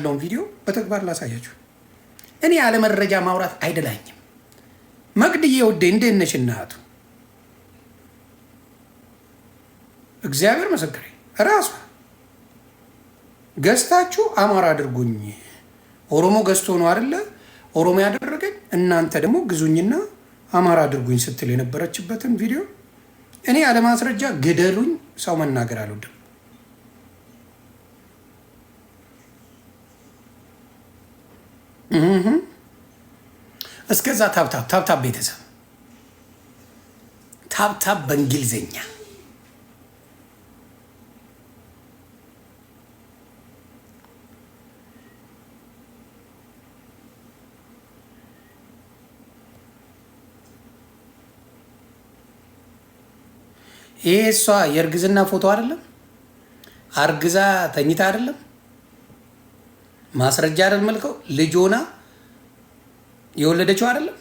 ያለውን ቪዲዮ በተግባር ላሳያችሁ። እኔ አለመረጃ ማውራት አይደላኝም። መቅድዬ ውዴ እንዴት ነሽ እናቱ? እግዚአብሔር ምስክሬ እራሷ ገዝታችሁ አማራ አድርጉኝ። ኦሮሞ ገዝቶ ነው አደለ ኦሮሞ ያደረገኝ፣ እናንተ ደግሞ ግዙኝና አማራ አድርጉኝ ስትል የነበረችበትን ቪዲዮ እኔ ያለማስረጃ ግደሉኝ፣ ሰው መናገር አልወድም። እስከዛ ታብታብ ታብታብ ቤተሰብ ታብታብ በእንግሊዝኛ ይሄ እሷ የእርግዝና ፎቶ አይደለም? አርግዛ ተኝታ አይደለም? ማስረጃ አይደል መልከው ልጆና የወለደችው አይደለም።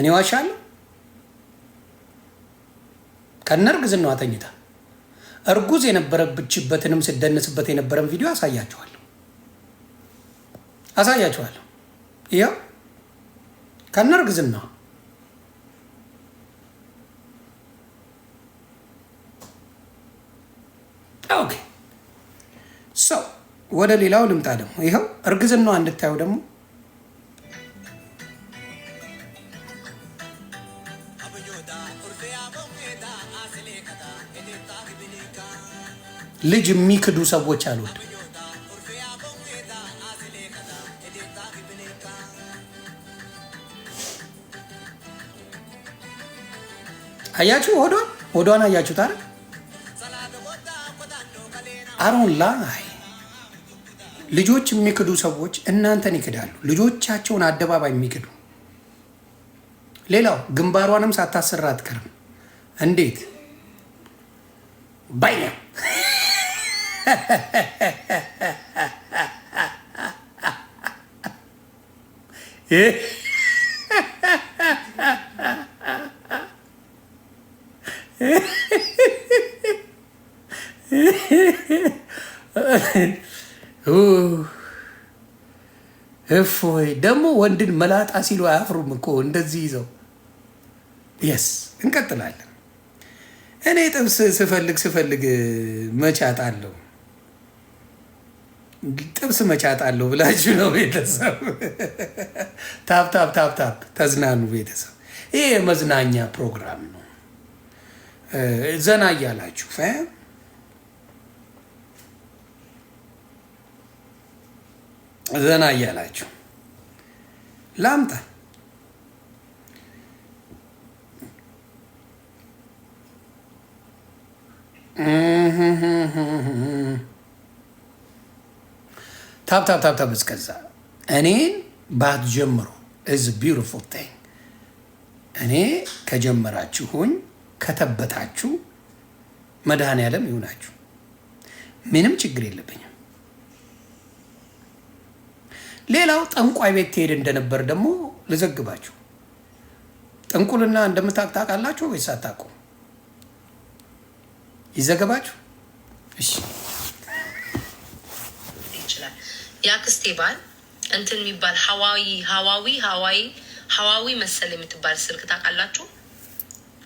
እኔ ዋሻለሁ? ከነ እርግዝናዋ ተኝታ እርጉዝ የነበረችበትንም ስደንስበት የነበረን ቪዲዮ አሳያችኋለሁ አሳያችኋለሁ። ይኸው ከነ እርግዝናዋ ወደ ሌላው ልምጣ። ደግሞ ይኸው እርግዝናዋ እንድታዩ ደግሞ ልጅ የሚክዱ ሰዎች አሉት። አያችሁ፣ ሆዷን ሆዷን አያችሁት አይደል? አሮንላ ልጆች የሚክዱ ሰዎች እናንተን ይክዳሉ። ልጆቻቸውን አደባባይ የሚክዱ ሌላው ግንባሯንም ሳታስራ አትቀርም። እንዴት ባይ እፎይ ደግሞ ወንድን መላጣ ሲሉ አያፍሩም እኮ እንደዚህ ይዘው። የስ እንቀጥላለን። እኔ ጥብስ ስፈልግ ስፈልግ መቻጥ አለው ጥብስ መቻጥ አለው ብላችሁ ነው ቤተሰብ። ታፕ ታፕ ታፕ ታፕ ተዝናኑ ቤተሰብ። ይሄ የመዝናኛ ፕሮግራም ነው። ዘና እያላችሁ ዘና እያላችሁ ላምጣ ታብ ታብ ታብ ታብ እስከዛ እኔን ባት ባትጀምሩ እዝ ቢዩቲፉል ቲንግ እኔ ከጀመራችሁኝ ከተበታችሁ መድኃኔዓለም ይሁናችሁ። ምንም ችግር የለብኝም። ሌላው ጠንቋይ ቤት ትሄድ እንደነበር ደግሞ ልዘግባችሁ። ጥንቁልና እንደምታውቅ ታውቃላችሁ ወይስ አታውቁም? ይዘገባችሁ። እሺ ይችላል። የአክስቴ ባል እንትን የሚባል ሀዋዊ ሀዋዊ ሀዋዊ ሀዋዊ መሰል የምትባል ስልክ ታውቃላችሁ?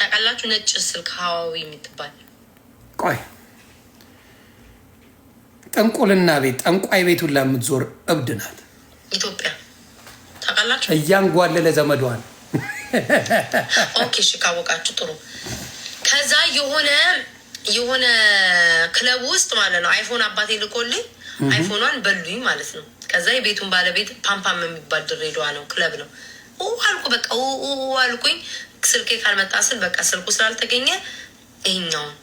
ታውቃላችሁ? ነጭ ስልክ ሀዋዊ የምትባል ቆይ ጥንቁልና ቤት ጠንቋይ ቤቱን ለምትዞር እብድ ናት። ኢትዮጵያ ታውቃላችሁ፣ እያንጓለለ ዘመዷን። ኦኬ እሺ፣ ካወቃችሁ ጥሩ። ከዛ የሆነ የሆነ ክለብ ውስጥ ማለት ነው አይፎን አባቴ ልኮልኝ አይፎኗን በሉኝ ማለት ነው። ከዛ የቤቱን ባለቤት ፓምፓም የሚባል ድሬዳዋ ነው ክለብ ነው አልኩ። በቃ አልኩኝ ስልኬ ካልመጣ ስል በቃ ስልኩ ስላልተገኘ ይሄኛውን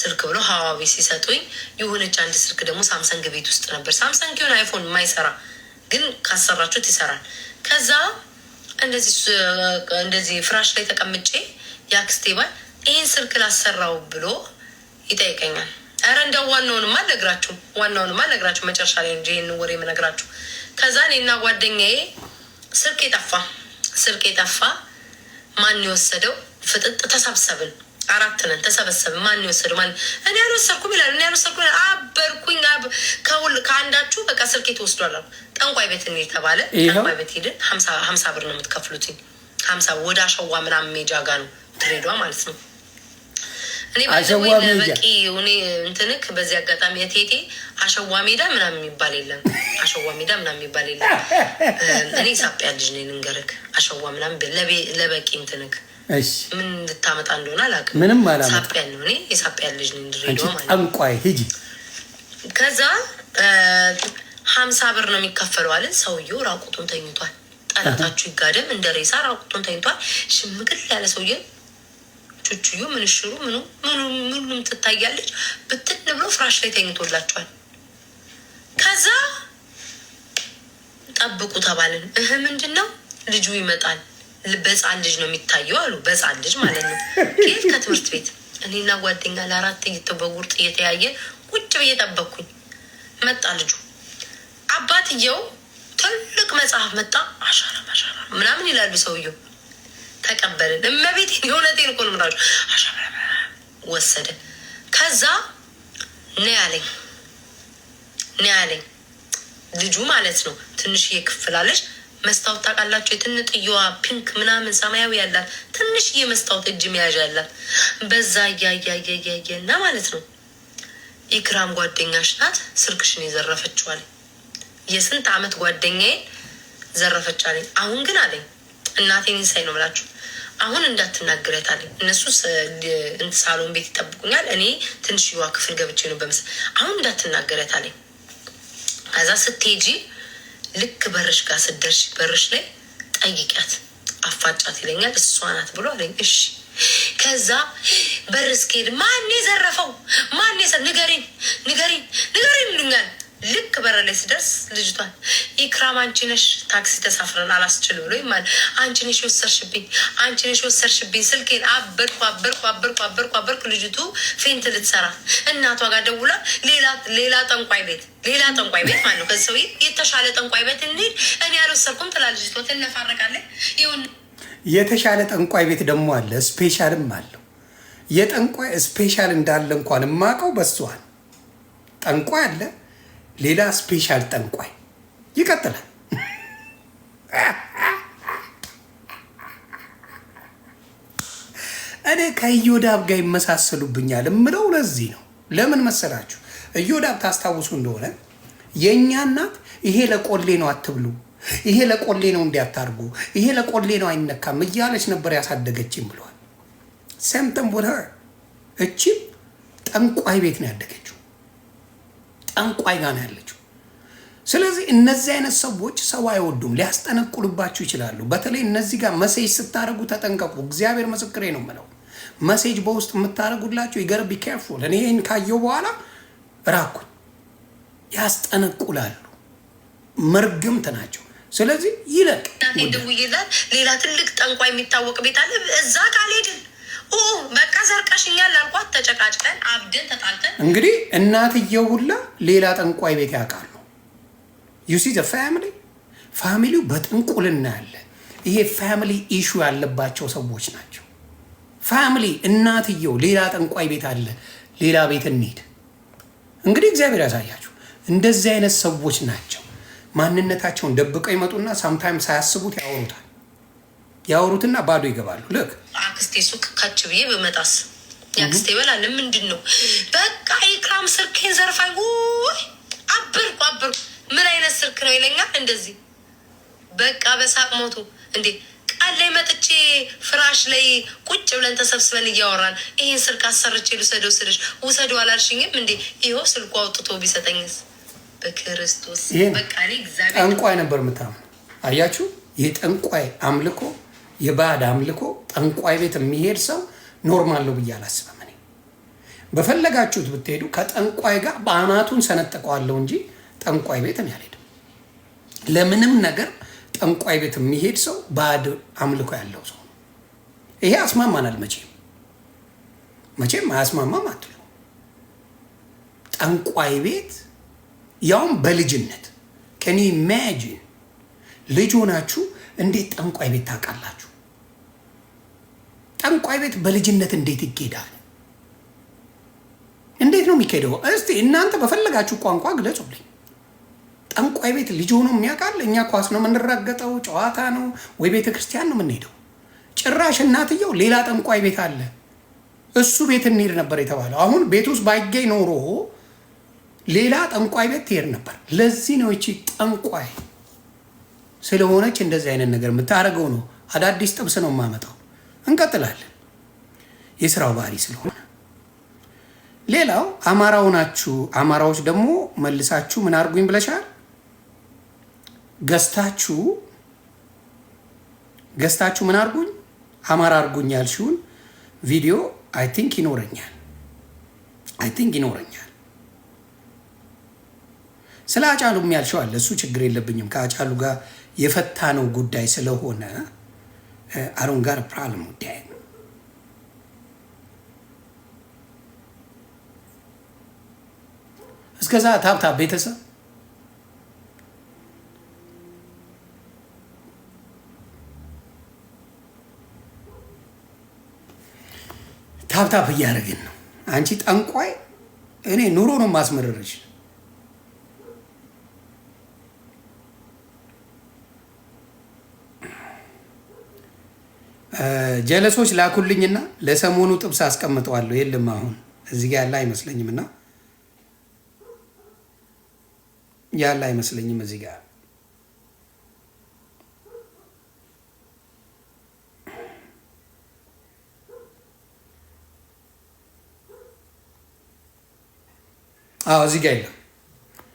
ስልክ ብሎ ሀዋዊ ሲሰጡኝ የሆነች አንድ ስልክ ደግሞ ሳምሰንግ ቤት ውስጥ ነበር። ሳምሰንግ ይሁን አይፎን የማይሰራ ግን ካሰራችሁት ይሰራል። ከዛ እንደዚህ ፍራሽ ላይ ተቀምጬ የአክስቴ ባል ይህን ስልክ ላሰራው ብሎ ይጠይቀኛል። ኧረ እንደ ዋናውንማ አልነግራችሁም፣ ዋናውንማ አልነግራችሁም። መጨረሻ ላይ እንጂ ይህን ወሬ የምነግራችሁ። ከዛ እኔና ጓደኛዬ ስልክ የጠፋ ስልክ የጠፋ ማን የወሰደው ፍጥጥ ተሰብሰብን። አራት ነን ተሰበሰብ። ማን ይወሰድ ማን? እኔ አልወሰድኩም ይላል። እኔ አልወሰድኩም አበርኩኝ። ከአንዳችሁ በቃ ስልኬ ተወስዷል። ጠንቋይ ቤት እኔ የተባለ ጠንቋይ ቤት ሄድን። ሀምሳ ብር ነው የምትከፍሉትኝ። ሀምሳ ወደ አሸዋ ምናምን ሜጃ ጋ ነው ትሬዷ ማለት ነው። እኔ እኔ እንትንክ በዚህ አጋጣሚ የቴቴ አሸዋ ሜዳ ምናም የሚባል የለም። አሸዋ ሜዳ ምናም የሚባል የለም። እኔ ሳጵያ ልጅ ነኝ ልንገርክ። አሸዋ ምናም ለበቂ እንትንክ ምን እንድታመጣ እንደሆነ አላውቅም። ምንም ሳጵያን ነው እኔ የሳጵያን ልጅ ጠንቋይ ሂጂ። ከዛ ሀምሳ ብር ነው የሚከፈለው አለን። ሰውየው። ራቁቱን ተኝቷል። ጠላታችሁ ይጋደም እንደ ሬሳ ራቁቱን ተኝቷል። ሽምግል ያለ ሰውዬ ቹቹዩ ምንሽሩ ምኑ ምኑም ትታያለች። ብትን ብሎ ፍራሽ ላይ ተኝቶላቸዋል። ከዛ ጠብቁ ተባልን። እህ ምንድን ነው ልጁ ይመጣል በህፃን ልጅ ነው የሚታየው አሉ። በህፃን ልጅ ማለት ነው። ከየት ከትምህርት ቤት እኔና ጓደኛ ለአራት በጉርጥ እየተያየ ቁጭ ብዬ ጠበኩኝ። መጣ ልጁ። አባትየው ትልቅ መጽሐፍ መጣ። አሻራ አሻራ ምናምን ይላሉ ሰውየው። ተቀበልን። እመቤት የእውነቴን እኮ ነው የምላችሁ። አሻራ ወሰደ። ከዛ ነ ያለኝ ነ ያለኝ ልጁ ማለት ነው። ትንሽዬ ክፍላለች መስታወት ታውቃላችሁ? የትንጥየዋ ፒንክ ምናምን ሰማያዊ ያላት ትንሽዬ መስታወት እጅ መያዣ ያላት በዛ እያያያያያና ማለት ነው። ኢክራም ጓደኛሽ ናት ስልክሽን የዘረፈችዋል። የስንት አመት ጓደኛዬን ዘረፈች አሁን ግን አለኝ እናቴን ሳይ ነው ብላችሁ አሁን እንዳትናገረት አለኝ። እነሱ ሳሎን ቤት ይጠብቁኛል። እኔ ትንሽዋ ክፍል ገብቼ ነው በምስል አሁን እንዳትናገረት አለኝ። ከዛ ስትሄጂ ልክ በርሽ ጋር ስደርሽ በርሽ ላይ ጠይቂያት፣ አፋጫት ይለኛል። እሷ ናት ብሎ አለኝ። እሺ ከዛ በር እስክሄድ ማን የዘረፈው ማን ንገሪኝ፣ ንገሪኝ፣ ንገሪኝ ይሉኛል። ልክ በር ላይ ስደርስ ልጅቷን ኤክስትራም አንቺ ነሽ ታክሲ ተሳፍረን አላስችል ብሎ ይማል አንቺ ነሽ ወሰርሽብኝ፣ አንቺ ነሽ ወሰርሽብኝ ስልኬን አበርኩ አበርኩ አበርኩ አበርኩ አበርኩ። ልጅቱ ፌንት ልትሰራ እናቷ ጋር ደውላ ሌላ ሌላ ጠንቋይ ቤት ሌላ ጠንቋይ ቤት ማለት ነው። ከዚህ ሰውዬ የተሻለ ጠንቋይ ቤት እንሂድ፣ እኔ አልወሰርኩም ትላል ልጅቷ ትነፋረቃለች። ይሁን የተሻለ ጠንቋይ ቤት ደግሞ አለ፣ ስፔሻልም አለው። የጠንቋይ ስፔሻል እንዳለ እንኳን የማውቀው በሷል ጠንቋይ አለ ሌላ ስፔሻል ጠንቋይ ይቀጥላል። እኔ ከኢዮዳብ ጋር ይመሳሰሉብኛል ምለው ለዚህ ነው። ለምን መሰላችሁ? ኢዮዳብ ታስታውሱ እንደሆነ የእኛ እናት ይሄ ለቆሌ ነው አትብሉ፣ ይሄ ለቆሌ ነው እንዲያታርጉ፣ ይሄ ለቆሌ ነው አይነካም እያለች ነበር ያሳደገችም ብለዋል። ሰምተን ቦታ እቺም ጠንቋይ ቤት ነው ያደገችው። ጠንቋይ ጋር ነው ያለችው። ስለዚህ እነዚህ አይነት ሰዎች ሰው አይወዱም፣ ሊያስጠነቁልባችሁ ይችላሉ። በተለይ እነዚህ ጋር መሴጅ ስታደረጉ ተጠንቀቁ። እግዚአብሔር ምስክሬ ነው የምለው መሴጅ በውስጥ የምታደረጉላቸው ይገር ቢ ኬርፉል። እኔ ይህን ካየው በኋላ ራኩኝ። ያስጠነቁላሉ፣ መርግምት ናቸው። ስለዚህ ይለቅ። ድውይላት ሌላ ትልቅ ጠንቋይ የሚታወቅ ቤት አለ። እዛ ካልሄድን በቃ ዘርቀሽኛል አልኳት። ተጨቃጭቀን አብደን ተጣልተን እንግዲህ እናትየው ሁላ ሌላ ጠንቋይ ቤት ያውቃል። ዩሲ ዘ ፋሚሊ ፋሚሊው በጥንቁልና ያለ ይሄ ፋሚሊ ኢሹ ያለባቸው ሰዎች ናቸው። ፋሚሊ እናትየው ሌላ ጠንቋይ ቤት አለ፣ ሌላ ቤት እንሂድ። እንግዲህ እግዚአብሔር ያሳያችሁ። እንደዚህ አይነት ሰዎች ናቸው። ማንነታቸውን ደብቀው ይመጡና ሳምታይም ሳያስቡት ያወሩታል። ያወሩትና ባዶ ይገባሉ። ልክ አክስቴ ሱቅ ካች ብዬ በመጣስ ያክስቴ በላለ ምንድን ነው በቃ ኢክራም ስልኬን ዘርፋኝ አብርኩ አብርኩ ምን አይነት ስልክ ነው ይለኛል። እንደዚህ በቃ በሳቅ ሞቱ እንዴ ቃል ላይ መጥቼ ፍራሽ ላይ ቁጭ ብለን ተሰብስበን እያወራን ይህን ስልክ አሰርቼ ልውሰደው ስልሽ ውሰዱ አላልሽኝም እንዴ? ይኸው ስልኩ አውጥቶ ቢሰጠኝስ? በክርስቶስ በቃ ጠንቋይ ነበር የምታምነው። አያችሁ፣ የጠንቋይ አምልኮ፣ የባዕድ አምልኮ፣ ጠንቋይ ቤት የሚሄድ ሰው ኖርማል ነው ብዬ አላስብም። እኔ በፈለጋችሁት ብትሄዱ ከጠንቋይ ጋር በአናቱን ሰነጥቀዋለሁ እንጂ ጠንቋይ ቤት ያልሄድ ለምንም ነገር ጠንቋይ ቤት የሚሄድ ሰው ባዕድ አምልኮ ያለው ሰው ነው። ይሄ አስማማናል። መቼም መቼም አያስማማም አትሉ። ጠንቋይ ቤት ያውም በልጅነት ከኒ ኢማጂን ልጅ ሆናችሁ እንዴት ጠንቋይ ቤት ታውቃላችሁ? ጠንቋይ ቤት በልጅነት እንዴት ይኬዳል? እንዴት ነው የሚካሄደው? እስቲ እናንተ በፈለጋችሁ ቋንቋ ግለጹልኝ። ጠንቋይ ቤት ልጅ ሆኖ የሚያውቃል። እኛ ኳስ ነው የምንራገጠው፣ ጨዋታ ነው ወይ ቤተ ክርስቲያን ነው የምንሄደው። ጭራሽ እናትየው ሌላ ጠንቋይ ቤት አለ፣ እሱ ቤት እንሄድ ነበር የተባለው። አሁን ቤት ውስጥ ባይገኝ ኖሮ ሌላ ጠንቋይ ቤት ትሄድ ነበር። ለዚህ ነው ይቺ ጠንቋይ ስለሆነች እንደዚህ አይነት ነገር የምታደርገው ነው። አዳዲስ ጥብስ ነው የማመጣው። እንቀጥላለን። የስራው ባህሪ ስለሆነ ሌላው አማራው ናችሁ። አማራዎች ደግሞ መልሳችሁ ምን አርጉኝ ብለሻል ገዝታችሁ ገዝታችሁ ምን አርጉኝ አማራ አርጉኝ ያልሽውን ቪዲዮ አይ ቲንክ ይኖረኛል፣ አይ ቲንክ ይኖረኛል። ስለ አጫሉ ያልሽው አለ። እሱ ችግር የለብኝም ከአጫሉ ጋር የፈታ ነው ጉዳይ ስለሆነ አሮን ጋር ፕራብለም ጉዳይ ነው። እስከዛ ታብታብ ቤተሰብ ታፕታፕ እያደረግን ነው። አንቺ ጠንቋይ፣ እኔ ኑሮ ነው ማስመረረች። ጀለሶች ላኩልኝና ለሰሞኑ ጥብስ አስቀምጠዋለሁ። የለም አሁን እዚህ ያለ አይመስለኝም እና ያለ አይመስለኝም እዚህ ጋር Ah, Zigueira.